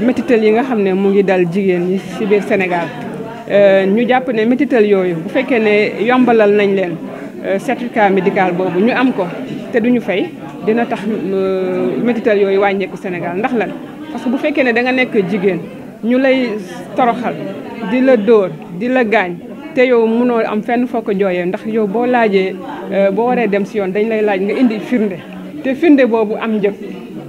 métital yi nga xam ne mu ngi dal jigéen ñi si biir Sénégal euh, ñu jàpp ne métital yooyu bu fekkee ne yombalal nañ leen euh, certificat médical boobu ñu am ko te du ñu fay dina tax euh, métital yooyu wàññeeku Sénégal ndax lan parce que bu fekkee ne da nga nekk jigéen ñu lay toroxal di la dóor di la gaañ te yow mënoo am fenn foo ko jooyee ndax yow boo laajee boo waree dem si yoon dañ lay laaj nga indi firnde te firnde boobu am njëg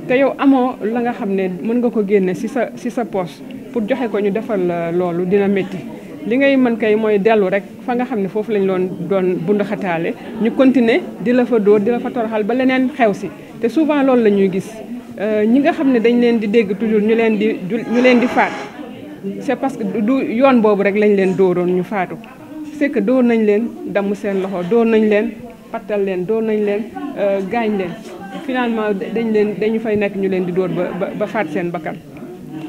te yow amoo la nga xam ne mën nga ko génne ci sa ci sa poche pour joxe ko ñu defal la loolu dina métti li ngay mën kay mooy dellu rek fa nga xam ne foofu lañ doon doon bundaxataale ñu continuer di la fa dóor di la fa toroxal ba leneen xew si te souvent loolu la ñuy gis euh, ñi nga xam ne dañ leen di dégg toujours ñu leen di ñu leen di faat c'est parce que du yoon boobu rek lañ leen dóoroon ñu faatu c'est que dóor nañ leen damm seen loxo dóor nañ leen pattal leen dóor nañ leen euh, gaañ leen finalement dañ leen dañu fay nekk ñu leen di dóor ba ba faat seen bakkan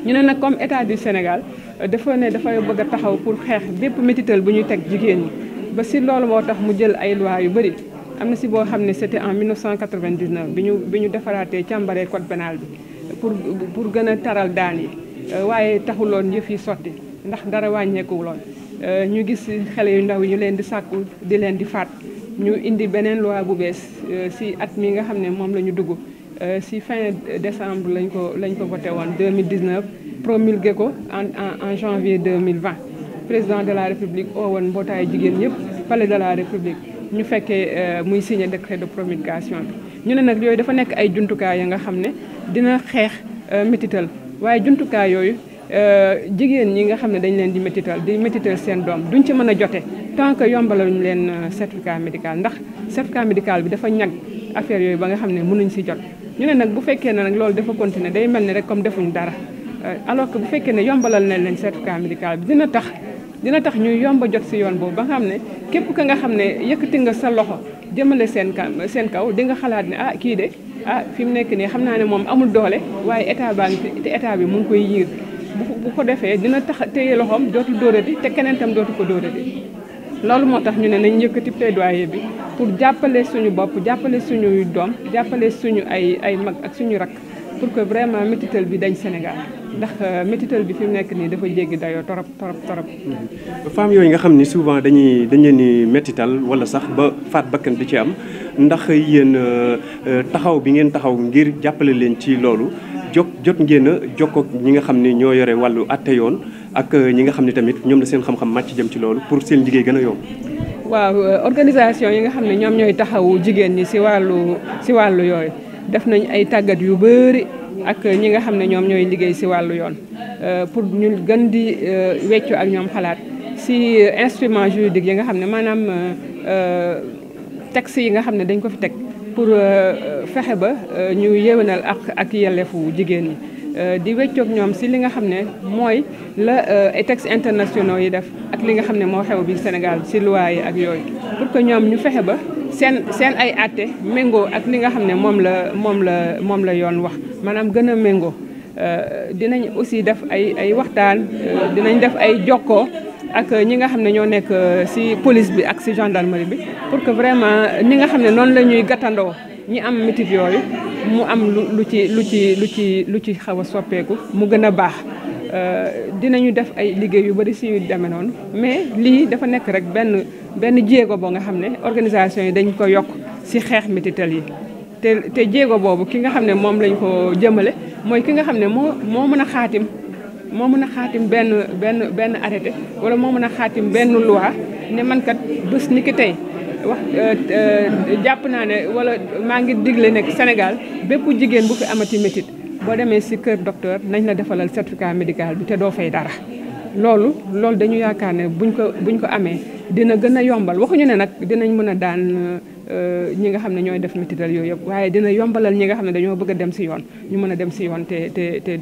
ñu ne nag comme état du Sénégal euh, dafa ne dafay bëgg taxaw pour xeex bépp métital bu ñu teg jigéen ñi ba si loolu moo tax mu jël ay loi yu bëri am na si boo xam ne c'était en 1999 bi ñu bi ñu defaraatee càmbaree code pénal bi pour pour gën a taral daan yi euh, waaye taxuloon yëf yi sotti ndax dara loon Euh, ñu gis xale yu ndaw ñu leen di sàkku di leen di faat ñu indi beneen luwaa bu bees euh, si at mii nga xam ne moom la ñu dugg euh, si fin décembre lañ ko lañ ko voté woon 2019 promulgué ko en deux janvier 2020 président de la république oo woon mbootaayu jigéen ñëpp pale de la république ñu fekkee muy signé décret de promulgation bi ñu ne nag yooyu dafa nekk ay juntukaay ya nga xam ne dina xeex métital waaye jumtukaay yooyu Euh, jigéen ñi nga xam ne dañ leen di métital di métital seen doom duñ ci mën a jote tant que yombalaluñ leen euh, certificat médical ndax certificat médical bi dafa ñag affaire yooyu ba nga xam ne mënuñ si jot ñu ne nag bu fekkee ne nag loolu dafa continuer day mel ni rek comme defuñ dara euh, alors que bu fekkee ne yombalal nañ leen certificat médical bi dina tax dina tax ñuy yomba jot si yoon boobu ba nga xam ne képp ka nga xam ne yëkkati nga sa loxo jëmale seen kaw seen kaw di nga xalaat ne ah kii de ah fi mu nekk nii xam naa ne moom amul doole état baa état bi mu ngi koy yiir bu ko defee dina tax téye loxoom dootu dóorati te keneentam tam dootu ko dóorati loolu moo tax ñu ne nañ yëkkati plaidoyer bi pour jàppale suñu bopp jàppale suñu doom jàppale suñu ay ay mag ak suñu rakk pour que vraiment métital bi dañ Sénégal ndax euh, métital bi fi mu nekk nii dafa jéggi dayoo torop torop torop mm-hmm. femmes yooyu nga xam ni souvent dañuy dañ leen di métital wala sax ba faat bakkan di ci am ndax yéen euh, euh, taxaw bi ngeen taxaw ngir jàppale leen ci loolu jot jot ngeen a jokkoo ñi nga xam ne ñoo yore wàllu àtte yoon ak euh, ñi nga xam ne tamit ñoom la seen xam-xam màcc jëm ci loolu pour seen liggéey gën a yomb. waaw euh, organisation yi nga xam ne ñoom ñooy taxawu jigéen ñi si wàllu si wàllu yooyu def nañ ay tàggat yu bëri ak ñi nga xam ne ñoom ñooy liggéey si wàllu yoon euh, pour ñu gën di weccu ak ñoom xalaat si instrument juridique yi nga xam ne maanaam texte yi nga xam ne dañ ko fi teg. pour euh, fexe ba euh, ñu yewenal ak ak yelleefu jigéen ñi euh, di weccoog ñoom si li nga xam ne mooy la ay textes internationaux yi def ak li nga xam ne moo xew bi Sénégal si loi yi ak yooyu pour que ñoom ñu fexe ba seen seen ay àtte méngoo ak li nga xam ne moom la moom la moom la yoon wax maanaam gën a méngoo dinañ aussi def ay ay waxtaan dinañ def ay jokkoo ak ñi nga xam ne ñoo nekk euh, si police bi ak ci gendarmerie bi pour que vraiment ni nga xam ne noonu la ñuy gàttandoo ñi am métit yooyu mu am lu lu ci lu ci lu ci lu ci xaw a soppeeku mu gën a baax euh, dinañu def ay liggéey yu bari ci yu demee noonu mais lii dafa nekk rek benn benn jéego boo nga xam ne organisation yi dañ ko yokk si xeex métital yi te te jéego boobu ki nga xam ne moom lañ ko jëmale mooy ki nga xam ne moo moo mën a xaatim moo mën xaatim benn benn benn arrêté wala moo na xaatim benn loi ne mankat kat bés ni ki tey wax euh, euh, jàpp naa ne wala maa ngi digle nekk Sénégal bépp jigéen bu fi amati métit boo demee si kër docteur nañ la defalal certificat médical bi te doo fay dara. loolu loolu dañu yaakaar ne buñ ko buñ ko amee dina gën a yombal waxuñu ne nag dinañ mën a daan euh, ñi nga xam ne ñooy def métital yooyu yëpp waaye dina yombalal ñi nga xam ne dañoo bëgg dem si yoon ñu mën a dem si yoon te te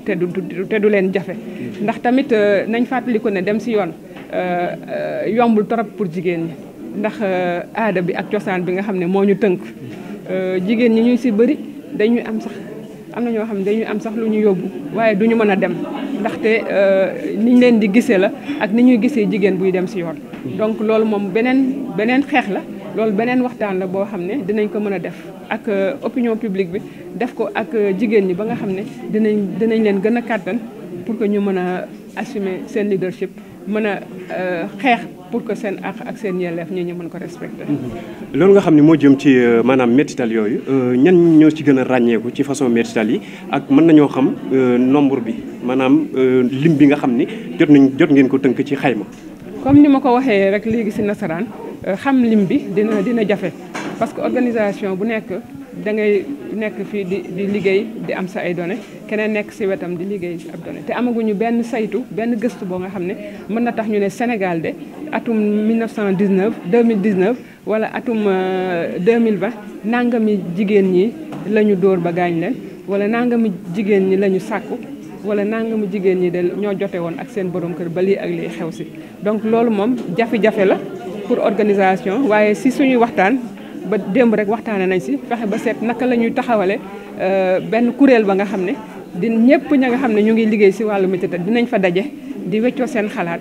te du leen jafe ndax tamit euh, nañ fàttaliku ne dem si yoon euh, yombul trop pour jigéen ñi ndax aada bi ak cosaan bi nga xam ne moo ñu tënk jigéen ñi ñuy si bëri dañuy am sax am na ñoo xam ne dañuy am sax lu ñu yóbbu waaye du ñu mën a dem ndaxte euh, ni ñu leen di gisee la ak ni ñuy gisee jigéen buy dem si yoon. donc loolu moom beneen beneen xeex la loolu beneen waxtaan la boo xam ne dinañ ko mën a def ak euh, opinion publique bi def ko ak euh, jigéen ñi ba nga xam ne dinañ dinañ leen gën a kàttan pour que ñu mën a assumer seen leadership mën a xeex. pour que seen àq ak seen yelleef ñi ñu mën ko respecter. Mm-hmm. loolu nga xam ne moo jëm ci maanaam métital yooyu ñan ñoo ci gën a ràññeeku ci façon métital yi ak mën nañoo xam nombre bi. maanaam euh, lim bi nga xam ni jot nañ jot ngeen ko tënk ci xayma. comme ni ma ko waxee rek léegi si nasaraan euh, xam lim bi dina dina jafe parce que organisation bu nekk da ngay nekk fii di di liggéey di am sa ay données keneen nekk si wetam di liggéey ab données te amaguñu benn saytu benn gëstu boo nga xam ne mën na tax ñu ne Sénégal de atum 1919 2019 wala atum 2020 euh, nangami jigéen ñi lañu dóor ba gaañ leen wala nangami jigéen ñi la ñu sàkku. wala nangamu jigéen ñi de ñoo jote woon ak seen borom kër ba lii ak lii xew si donc loolu moom jafe-jafe la pour organisation waaye si suñuy waxtaan ba démb rek waxtaane nañ si fexe ba set naka la ñuy taxawale euh, benn kuréel ba nga xam ne di ñëpp ña nga xam ne ñu ngi liggéey si wàllu métier dinañ fa daje di weccoo seen xalaat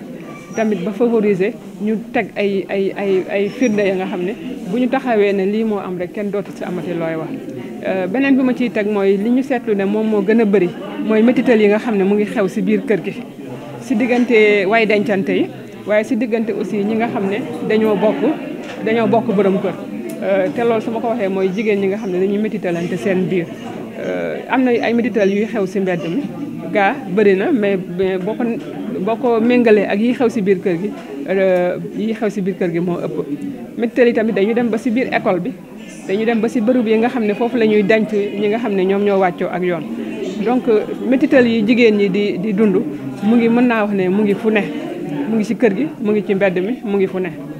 tamit ba favoriser ñu teg ay ay ay ay firnde ya nga xam ne bu ñu taxawee ne lii moo am rek kenn dootu si amati looy wax Euh, beneen bi ma ciy teg mooy li ñu seetlu ne moom moo gën a bëri mooy métital yi nga xam ne mu ngi xew si biir kër gi si diggante way dencante yi waaye si diggante aussi ñi nga xam ne dañoo bokk dañoo bokk borom kër euh, te loolu su ma ko waxee mooy jigéen ñi nga xam ne dañuy métitalante seen biir euh, am na ay métital yuy xew si mbedd mi gaa bëri na mais boo ko boo ko méngalee ak yi xew si biir kër gi yi xew si biir kër gi moo ëpp métital yi tamit dañuy dem ba si biir école bi dañu dem ba si bërëb yi nga xam ne foofu la ñuy denc ñi nga xam ne ñoom ñoo wàccoo ak yoon donc métital yi jigéen ñi di di dund mu ngi mën naa wax ne mu ngi fu ne mu ngi si kër gi mu ngi ci mbedd mi mu ngi fu ne